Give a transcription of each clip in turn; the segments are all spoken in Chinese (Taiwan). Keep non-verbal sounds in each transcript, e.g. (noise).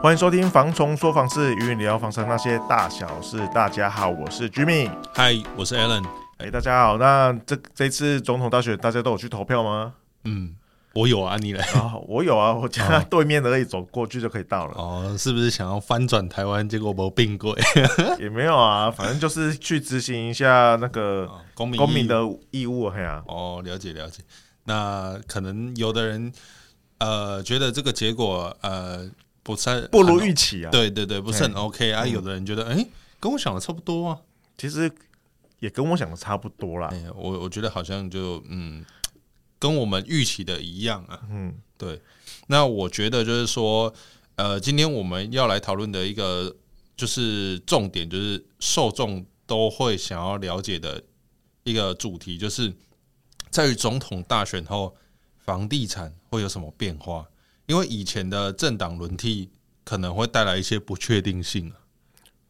歡迎收聽《房蟲說房事》，與你聊房上那些大小事。大家好，我是 Jimmy，嗨，Hi, 我是 Alan。哎，oh, hey, 大家好，那這這次總統大選，大家都有去投票嗎？嗯，我有啊，你來啊，oh, 我有啊，我家對面那一、oh. 走過去就可以到了。哦，oh, 是不是想要翻轉台灣，結果沒變過？ (laughs) 也沒有啊，反正就是去執行一下那個公民公民的義務。哎啊，哦，oh, 了解了解。那可能有的人呃覺得這個結果呃。不，不如預期啊、嗯！對對對，不是很 OK、欸、啊！有的人覺得，哎、欸，跟我想的差不多啊。其實也跟我想的差不多啦。欸、我我覺得好像就嗯，跟我們預期的一樣啊。嗯，對。那我覺得就是說，呃，今天我們要來討論的一個就是重點，就是受眾都會想要了解的一個主題，就是在於總統大選後房地產會有什麼變化。因為以前的政黨輪替可能會帶來一些不確定性，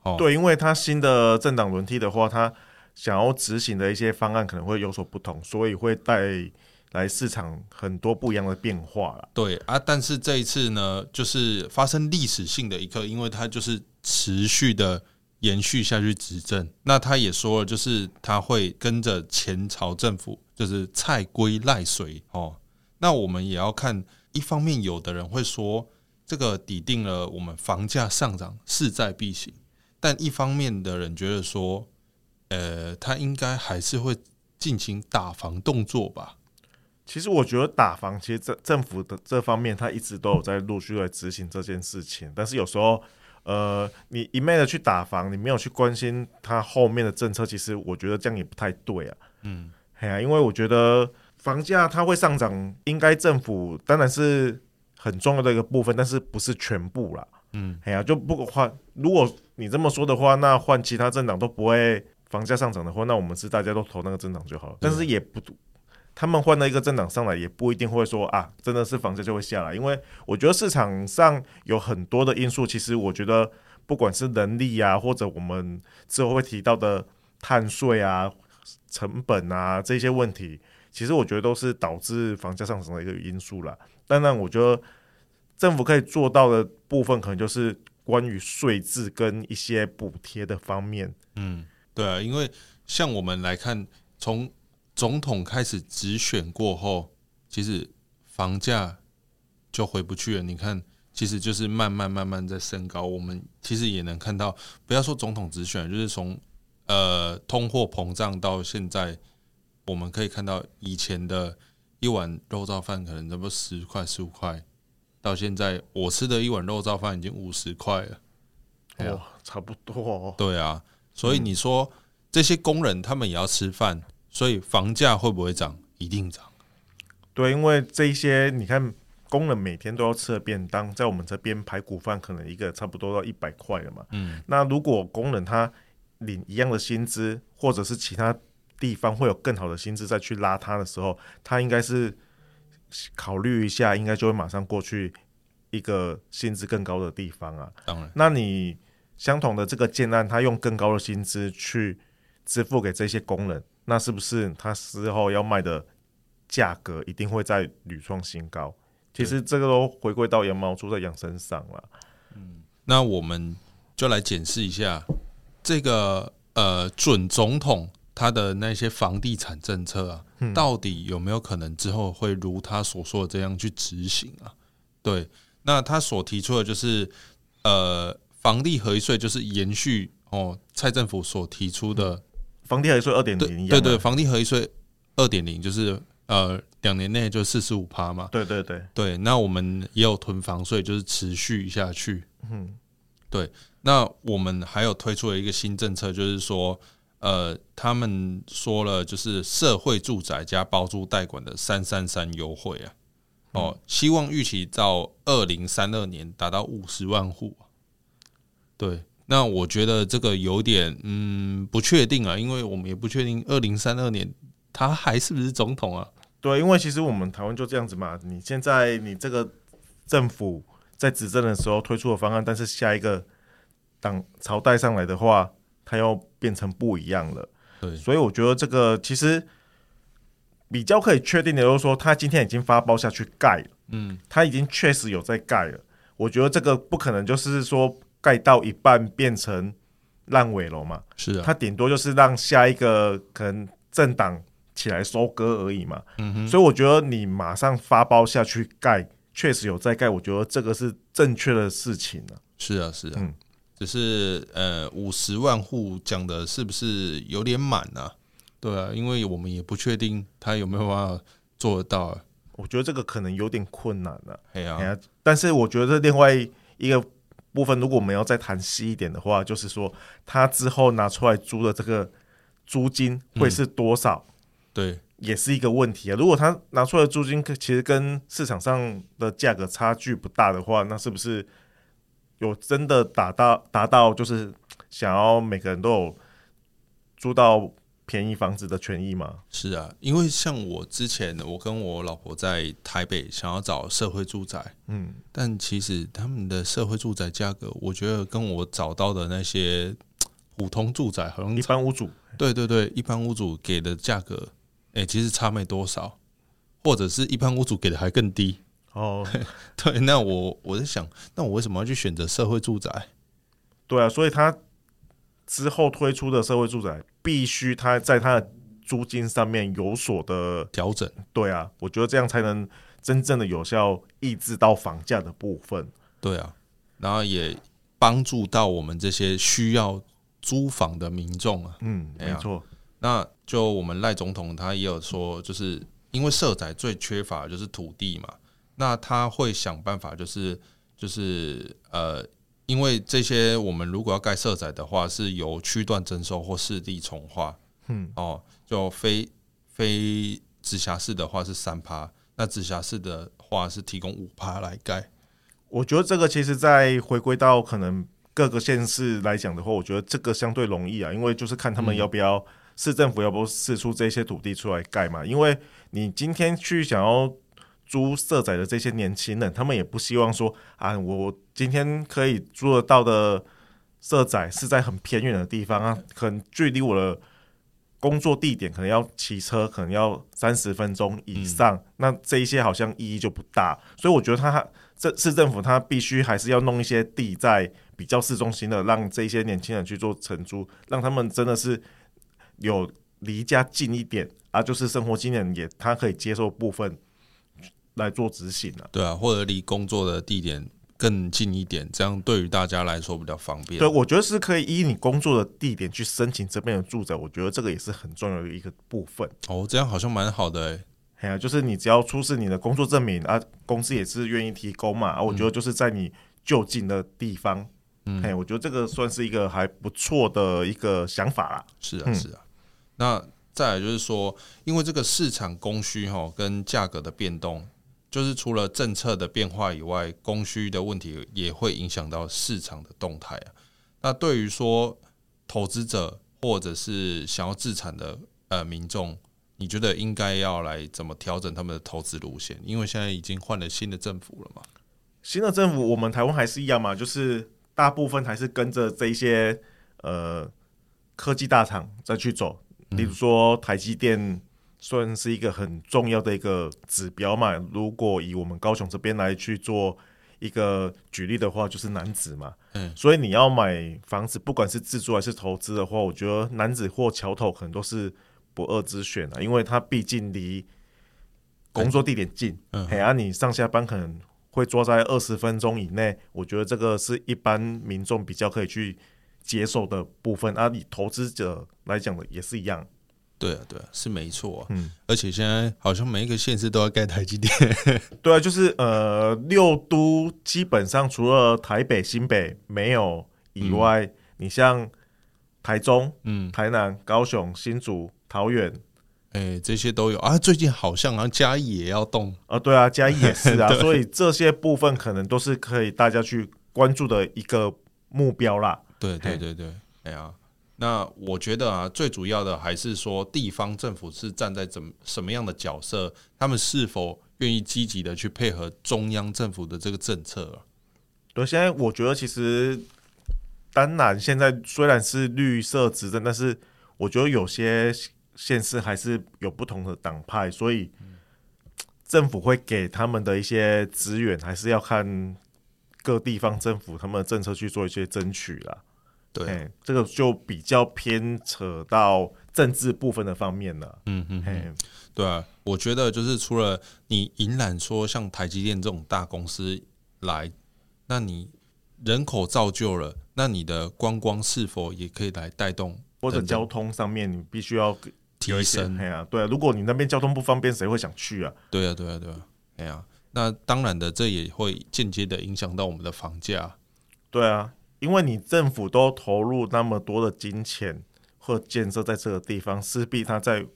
哦，對，因為他新的政黨輪替的話，他想要執行的一些方案可能會有所不同，所以會帶來市場很多不一樣的變化啦，對啊，但是這一次呢，就是發生歷史性的一刻，因為他就是持續的延續下去執政。那他也說了，就是他會跟着前朝政府，就是蔡規賴隨哦。那我們也要看。一方面，有的人會說這個底定了我們房價上漲勢在必行，但一方面的人覺得說，呃，他應該還是會進行打房動作吧。其實我覺得打房，其實政政府的這方面他一直都有在陸續來執行這件事情。嗯、但是有時候，呃，你一昧的去打房，你沒有去關心他後面的政策，其實我覺得這樣也不太對啊。嗯，嘿啊，因為我覺得。房價它會上漲，應該政府當然是很重要的一個部分，但是不是全部啦。嗯，哎呀、啊，就不換。如果你這麼說的話，那換其他政黨都不會房價上漲的話，那我們是大家都投那個政黨就好了。但是也不，嗯，他們換了一個政黨上來，也不一定會說啊，真的是房價就會下來。因為我覺得市場上有很多的因素，其實我覺得不管是能力啊，或者我們之後會提到的碳稅啊、成本啊這些問題。其實我覺得都是導致房價上漲的一個因素啦。當然，我覺得政府可以做到的部分，可能就是關於稅制跟一些補貼的方面。嗯，對啊，因為像我們來看，從總統開始直選過後，其實房價就回不去了。你看，其實就是慢慢慢慢在升高。我們其實也能看到，不要說總統直選，就是從呃通貨膨脹到現在。我們可以看到，以前的一碗肉燥飯可能差不多十塊十五塊，到現在我吃的一碗肉燥飯已經五十塊了。哇、哦，差不多、哦。對啊，所以你說、嗯、這些工人他們也要吃飯，所以房價會不會漲？一定漲。對，因為這些你看，工人每天都要吃的便當，在我們這邊排骨飯可能一個差不多到一百塊了嘛。嗯，那如果工人他領一樣的薪資，或者是其他。地方會有更好的薪資，再去拉他的時候，他應該是考慮一下，應該就會馬上過去一個薪資更高的地方啊。當然，那你相同的這個建案，他用更高的薪資去支付給這些工人，嗯、那是不是他之後要賣的價格一定會再屢創新高？其實這個都回歸到羊毛出在羊身上了。嗯，那我們就來檢視一下這個呃準總統。他的那些房地產政策啊，嗯、到底有沒有可能之後會如他所說的這樣去執行啊？對，那他所提出的就是，呃，房地合一稅就是延續哦、呃，蔡政府所提出的、嗯、房地合一稅二點零，對對，房地合一稅二點零就是呃，兩年內就四十五趴嘛。對對對對，那我們也有囤房稅，就是持續下去。嗯，對，那我們還有推出了一個新政策，就是說。呃，他們說了，就是社會住宅加包租代管的三三三優惠啊，嗯、哦，希望預期到二零三二年達到五十萬戶。對，那我覺得這個有點嗯不確定啊，因為我們也不確定二零三二年他還是不是總統啊。對，因為其實我們台灣就這樣子嘛，你現在你這個政府在執政的時候推出的方案，但是下一個黨朝代上來的話，它又變成不一樣了，對，所以我覺得這個其實比較可以確定的，就是說他今天已經發包下去蓋了，嗯，他已經確實有在蓋了。我覺得這個不可能就是說蓋到一半變成爛尾樓嘛，是啊，他頂多就是讓下一個可能政黨起來收割而已嘛，嗯哼，所以我覺得你馬上發包下去蓋，確實有在蓋，我覺得這個是正確的事情了啊，是啊，是啊，嗯。只是呃五十萬戶講的是不是有點滿呢、啊？對啊，因為我們也不確定他有沒有辦法做得到、啊。我覺得這個可能有點困難了、啊。哎呀、啊，但是我覺得另外一個部分，如果我們要再談細一點的話，就是說他之後拿出來租的這個租金會是多少？嗯、對，也是一個問題啊。如果他拿出來的租金其實跟市場上的價格差距不大的話，那是不是？有真的達到達到就是想要每個人都有租到便宜房子的權益嗎？是啊，因為像我之前，我跟我老婆在台北想要找社會住宅，嗯，但其實他們的社會住宅價格，我覺得跟我找到的那些普通住宅好像一般屋主。對對對，一般屋主給的價格，哎、欸，其實差沒多少，或者是一般屋主給的還更低。哦，oh, 對，那我我在想，那我為什麼要去選擇社會住宅？對啊，所以他之後推出的社會住宅，必須他在他的租金上面有所的調整。對啊，我覺得這樣才能真正的有效抑制到房價的部分。對啊，然後也幫助到我們這些需要租房的民眾啊。嗯，啊、沒錯。那就我們賴總統他也有說，就是因為社宅最缺乏的就是土地嘛。那他會想辦法，就是，就是就是呃，因為這些我們如果要蓋社宅的話，是由區段徵收或市地重劃。嗯，哦，就非非直轄市的話是三趴，那直轄市的話是提供五趴來蓋。我覺得這個其實，在回歸到可能各個縣市來講的話，我覺得這個相對容易啊，因為就是看他們要不要、嗯、市政府要不要釋出這些土地出來蓋嘛，因為你今天去想要。租社宅的這些年輕人，他們也不希望說啊，我今天可以租得到的社宅是在很偏遠的地方啊，可能距離我的工作地點可能要騎車，可能要三十分鐘以上。嗯、那這一些好像意義就不大。所以我覺得他這市政府他必須還是要弄一些地在比較市中心的，讓這些年輕人去做承租，讓他們真的是有離家近一點啊，就是生活經驗也他可以接受部分。來做執行了、啊，對啊，或者離工作的地點更近一點，這樣對於大家來說比較方便。對，我覺得是可以依你工作的地點去申請這邊的住宅，我覺得這個也是很重要的一個部分。哦，這樣好像蠻好的、欸，哎，呀，就是你只要出示你的工作證明啊，公司也是願意提供嘛、嗯啊。我覺得就是在你就近的地方，嗯，哎，我覺得這個算是一個還不錯的一個想法啦。是啊，是啊，嗯、那再來就是說，因為這個市場供需哈跟價格的變動。就是除了政策的變化以外，供需的問題也會影響到市場的動態啊。那對於說投資者或者是想要置產的呃民眾，你覺得應該要來怎麼調整他們的投資路線？因為現在已經換了新的政府了嘛。新的政府，我們台灣還是一樣嘛，就是大部分還是跟着這些呃科技大廠再去走，嗯、例如說台積電。算是一個很重要的一個指標嘛？如果以我們高雄這邊來去做一個舉例的話，就是楠梓嘛。嗯，所以你要買房子，不管是自住還是投資的話，我覺得楠梓或橋頭可能都是不二之選了，因為它畢竟離工作地點近，嗯嗯、嘿啊，你上下班可能會坐在二十分鐘以內。我覺得這個是一般民眾比較可以去接受的部分，而、啊、以投資者來講的也是一樣。對啊，對啊，是沒錯啊。嗯，而且現在好像每一個縣市都要蓋台積電。 (laughs) 對啊，就是呃，六都基本上除了台北、新北沒有以外，嗯、你像台中、嗯、台南、高雄、新竹、桃園，哎、欸，這些都有啊。最近好像好像嘉義也要動啊。對啊，嘉義也是啊。 (laughs) 對所以這些部分可能都是可以大家去關注的一個目標啦。對，對對對對，嘿哎呀。那我覺得啊，最主要的還是說，地方政府是站在怎麼什麼樣的角色？他們是否願意積極的去配合中央政府的這個政策啊？對，現在我覺得其實，當然現在雖然是綠色執政，但是我覺得有些縣市還是有不同的黨派，所以政府會給他們的一些資源，還是要看各地方政府他們的政策去做一些爭取啦。對，這個就比較偏扯到政治部分的方面了。嗯嗯哼，嘿對啊，我覺得就是除了你引攬說像台積電這種大公司來，那你人口造就了，那你的觀光是否也可以來帶動等等？或者交通上面你必須要提升，提升。對啊，對啊。對啊，如果你那邊交通不方便，誰會想去啊？啊？對啊，對啊，對啊，那當然的，這也會間接的影響到我們的房價。對啊。因為你政府都投入那麼多的金錢或建設在這個地方，勢必他在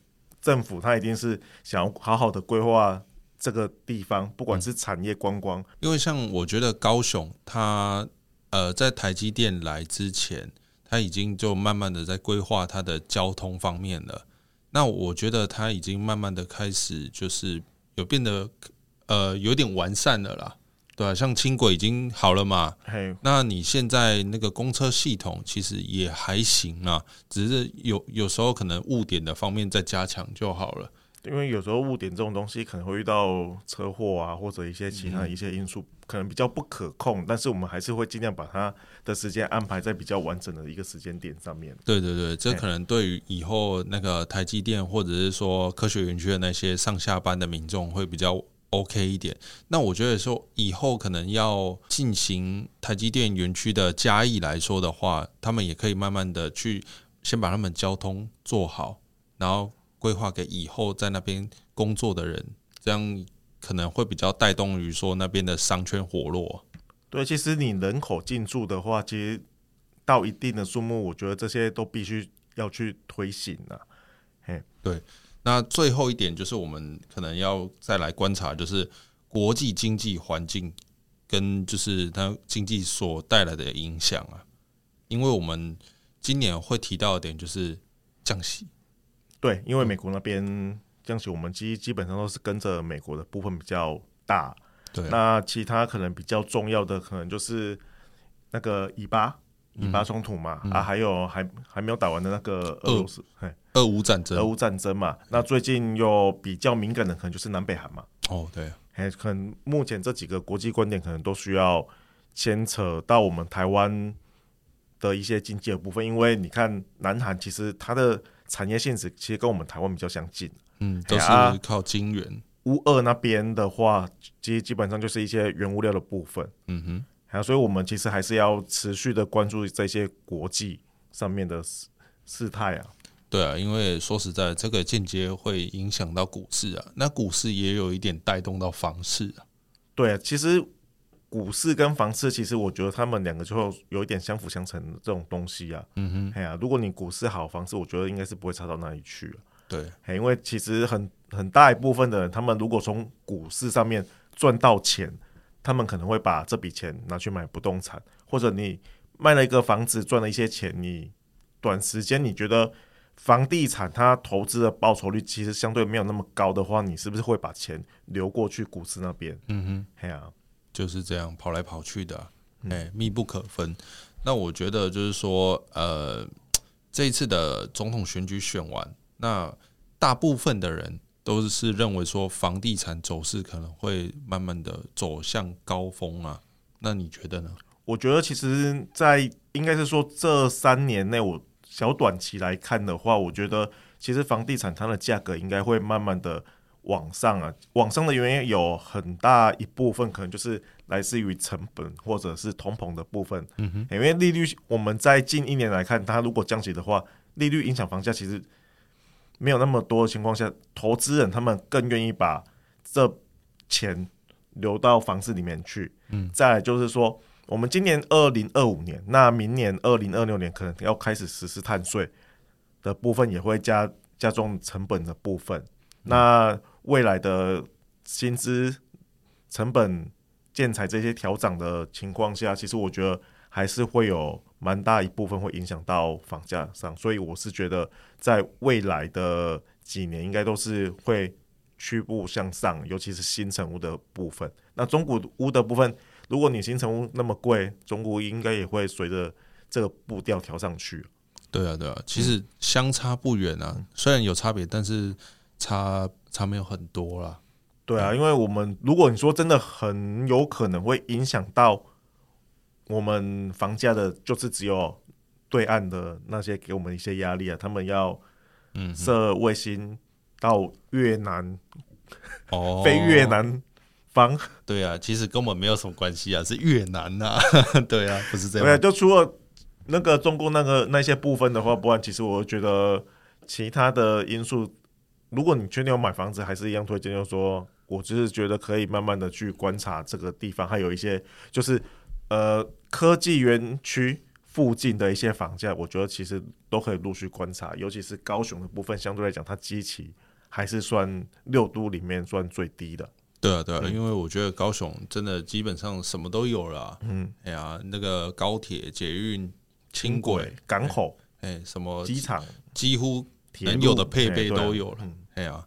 政府，他一定是想要好好的規劃這個地方，不管是產業觀光。嗯，因為像我覺得高雄它、它呃在台積電來之前，他已經就慢慢的在規劃它的交通方面了。那我覺得他已經慢慢的開始就是有變得呃有點完善了啦。對啊，像輕軌已經好了嘛？嘿，那你現在那個公車系統其實也還行啊，只是有有時候可能誤點的方面再加強就好了。因為有時候誤點這種東西可能會遇到車禍啊，或者一些其他一些因素，嗯，可能比較不可控。但是我們還是會盡量把它的時間安排在比較完整的一個時間點上面。對對對，這可能對於以後那個台積電或者是說科學園區的那些上下班的民眾會比較。OK 一點，那我覺得說以後可能要進行台積電園區的加意來說的話，他們也可以慢慢的去先把他們交通做好，然後規劃給以後在那邊工作的人，這樣可能會比較帶動於說那邊的商圈活絡。對，其實你人口進駐的話，其實到一定的數目，我覺得這些都必須要去推行了啊。嘿，對。那最後一點就是我們可能要再來觀察，就是國際經濟環境跟就是它經濟所帶來的影響啊。因為我們今年會提到的一點，就是降息。對，因為美國那邊降息，我們基基本上都是跟着美國的部分比較大。嗯、對、啊。那其他可能比較重要的，可能就是那個以巴以巴衝突嘛、嗯嗯、啊，還有還還沒有打完的那個俄羅斯。呃俄烏戰爭，俄烏戰爭嘛，那最近又比較敏感的，可能就是南北韓嘛。哦，對，哎，可能目前這幾個國際觀點，可能都需要牽扯到我們台灣的一些經濟的部分，因為你看，南韓其實它的產業性質其實跟我們台灣比較相近，嗯，都、就是靠晶圓。烏俄那邊的話，基基本上就是一些原物料的部分，嗯哼，有、啊。所以我們其實還是要持續的關注這些國際上面的事事態啊。對啊，因為說實在，這個間接會影響到股市啊。那股市也有一點帶動到房市啊。對啊，其實股市跟房市，其實我覺得他們兩個就有，有一點相輔相成的這種東西啊。嗯哼，哎呀、啊，如果你股市好，房市我覺得應該是不會差到哪裡去。對、啊，因為其實很很大一部分的人，他們如果從股市上面賺到錢，他們可能會把這筆錢拿去買不動產，或者你賣了一個房子賺了一些錢，你短時間你覺得。房地產它投資的報酬率其實相對沒有那麼高的話，你是不是會把錢流過去股市那邊？嗯哼，哎呀、啊，就是這樣跑來跑去的、啊，哎、嗯欸，密不可分。那我覺得就是說，呃，這一次的總統選舉選完，那大部分的人都是是認為說房地產走勢可能會慢慢的走向高峰啊。那你覺得呢？我覺得其實，在應該是說這三年內我。小短期來看的話，我覺得其實房地產它的價格應該會慢慢的往上啊。往上的原因有很大一部分可能就是來自於成本或者是通膨的部分。嗯哼，因為利率我們在近一年來看，它如果降息的話，利率影響房價其實沒有那麼多的情況下，投資人他們更願意把這錢留到房子裡面去。嗯，再來就是說。我們今年二零二五年，那明年二零二六年可能要開始實施碳稅的部分，也會加加重成本的部分。嗯、那未來的薪資、成本、建材這些調漲的情況下，其實我覺得還是會有蠻大一部分會影響到房價上。所以我是覺得，在未來的幾年應該都是會逐步向上，尤其是新成屋的部分。那中古屋的部分。如果你新成屋那麼貴，中國應該也會隨着這個步調調上去。對啊，對啊，其實相差不遠啊，嗯、雖然有差別，但是差差沒有很多啦。對啊，因為我們如果你說真的很有可能會影響到我們房價的，就是只有對岸的那些給我們一些壓力啊，他們要設衛星到越南，哦、嗯哼， (laughs) 飛越南、哦。房方 對啊，其實根本沒有什麼關係啊，是越南吶、啊，對啊，不是這樣。對，okay, 就除了那個中共那個那些部分的話，不然其實我會覺得其他的因素，如果你確定要買房子，還是一樣推薦。就是說，我只是覺得可以慢慢的去觀察這個地方，還有一些就是呃科技園區附近的一些房價，我覺得其實都可以陸續觀察，尤其是高雄的部分，相對來講，它基期還是算六都裡面算最低的。對啊，對啊、嗯，因為我覺得高雄真的基本上什麼都有了。嗯，哎呀、啊，那個高鐵、捷運、輕軌、港口，哎、欸欸，什麼機場，幾乎能有的配備都有了。哎呀、嗯啊嗯啊，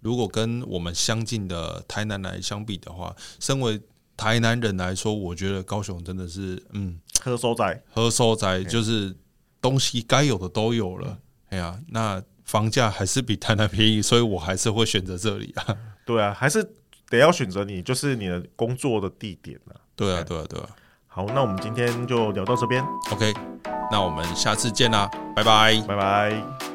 如果跟我們相近的台南來相比的話，身為台南人來說，我覺得高雄真的是嗯，喝收仔，喝收仔，就是東西該有的都有了。哎呀、嗯啊，那房價還是比台南便宜，所以我還是會選擇這裡啊、嗯。對啊，還是。得要選擇你，就是你的工作的地點。對啊，對啊，對啊。啊、好，那我們今天就聊到這邊。OK，那我們下次見啦，拜拜，拜拜。